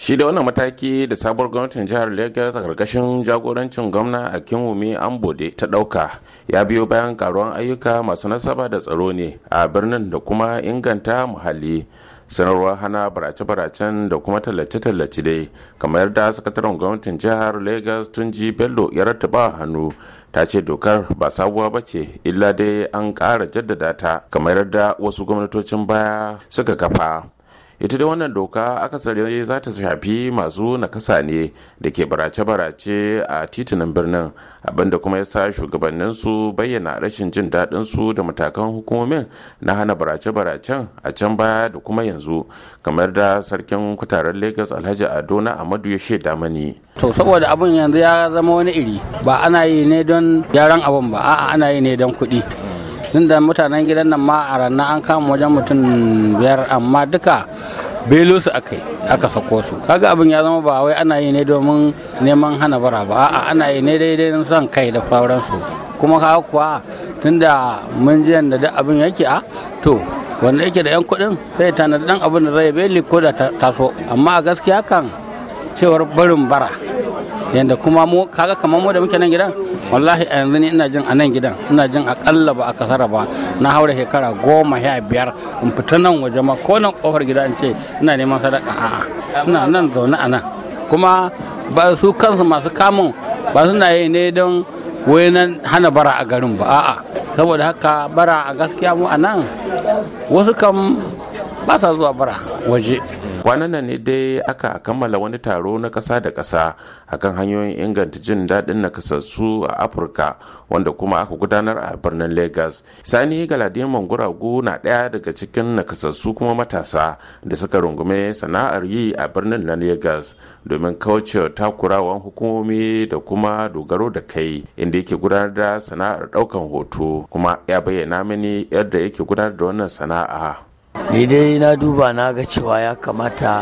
shi da wannan mataki da sabuwar gwamnatin jihar lagos a karkashin jagorancin gwamna a kinwumi ambode ta ɗauka, ya biyo bayan karuwan ayyuka masu nasaba da tsaro ne a birnin da kuma inganta muhalli sanarwar hana barace-baracen da kuma tallace-tallace dai kamar yadda sakataren gwamnatin jihar lagos tunji bello ya rattaba hannu ta ce dokar ba sabuwa ba ce illa dai an ƙara jaddada ta kamar yadda wasu gwamnatocin baya suka kafa ita da wannan doka akasari za ta shafi masu nakasa ne da ke barace-barace a titunan birnin abinda kuma ya sa su bayyana rashin jin daɗin su da matakan hukumomin na hana barace-baracen a can baya da kuma yanzu kamar da sarkin kutaren lagos alhaji ado na amadu ya shaida mani to saboda abin yanzu ya zama wani iri ba ana yi ne don gyaran abin ba a'a ana yi ne don kuɗi inda mutanen gidan nan ma a ranar an kama wajen mutum biyar amma duka belo su aka yi aka sako su kaga abin ya zama ba wai ana yi ne domin neman hana bara ba a'a ana yi ne daidai son kai da su. kuma ka kuwa tunda mun ji da duk abin yake a to wanda yake da yan kuɗin sai tanadi dan abin da zai beli ko da taso amma a gaskiya kan cewar barin bara yanda kuma mu kaga kamar mu da muke nan gidan wallahi a yanzu ni ina jin a nan gidan ina jin akalla ba a kasara ba na haura shekara goma sha biyar in fita nan waje ma ko nan kofar gida in ce ina neman sadaka a ina nan zaune a nan kuma ba su kansu masu kamun ba suna yi ne don wayanan hana bara a garin ba a'a saboda haka bara a gaskiya mu a nan wasu kan ba sa zuwa bara waje kwanan nan ne dai aka kammala wani taro na kasa da ƙasa akan hanyoyin inganta jin daɗin nakasassu a afirka wanda kuma aka gudanar a birnin lagos sani galadiman guragu na ɗaya daga cikin nakasassu kuma matasa da suka rungume sana'ar yi a birnin na lagos domin kauce takurawan hukumomi da kuma dogaro da kai inda yake gudanar da sana'ar ɗaukan hoto kuma ya bayyana mini yadda yake gudanar da wannan sana'a ni dai na duba na ga cewa ya kamata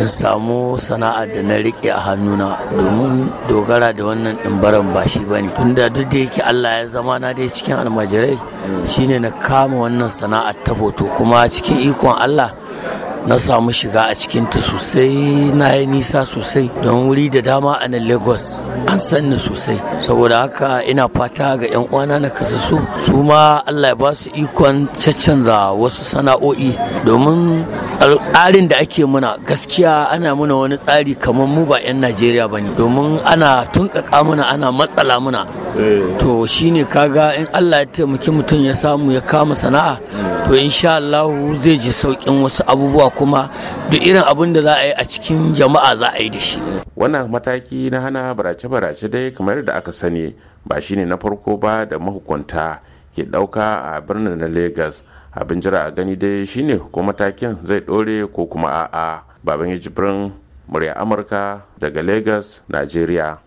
in samu sana'ar da na rike a hannuna domin dogara da wannan ɗimbaran ba shi ba ne tunda duk da yake allah ya zama na dai cikin almajirai shine na kama wannan sana'ar ta hoto kuma cikin ikon allah na samu shiga a cikinta sosai na yi nisa sosai don wuri da dama a nan lagos an sanni sosai saboda haka ina fata ga 'yan uwana na kasa su ma allah ya ba su ikon za wasu sana'o'i domin tsarin da ake muna gaskiya ana muna wani tsari kamar mu ba 'yan najeriya ba ne domin ana tunkaka muna ana matsala muna Eh. to shi ne kaga in Allah ya taimaki mutum ya samu ya kama sana'a to insha Allah zai ji saukin wasu abubuwa kuma da irin abin da za a yi a cikin jama'a za a yi da shi wannan mataki na hana barace-barace dai kamar da aka sani ba shine na farko ba da mahukunta ke ɗauka a birnin na Lagos abin jira a gani dai shine ko matakin zai ɗore ko kuma a'a baban jibrin murya amurka daga lagos nigeria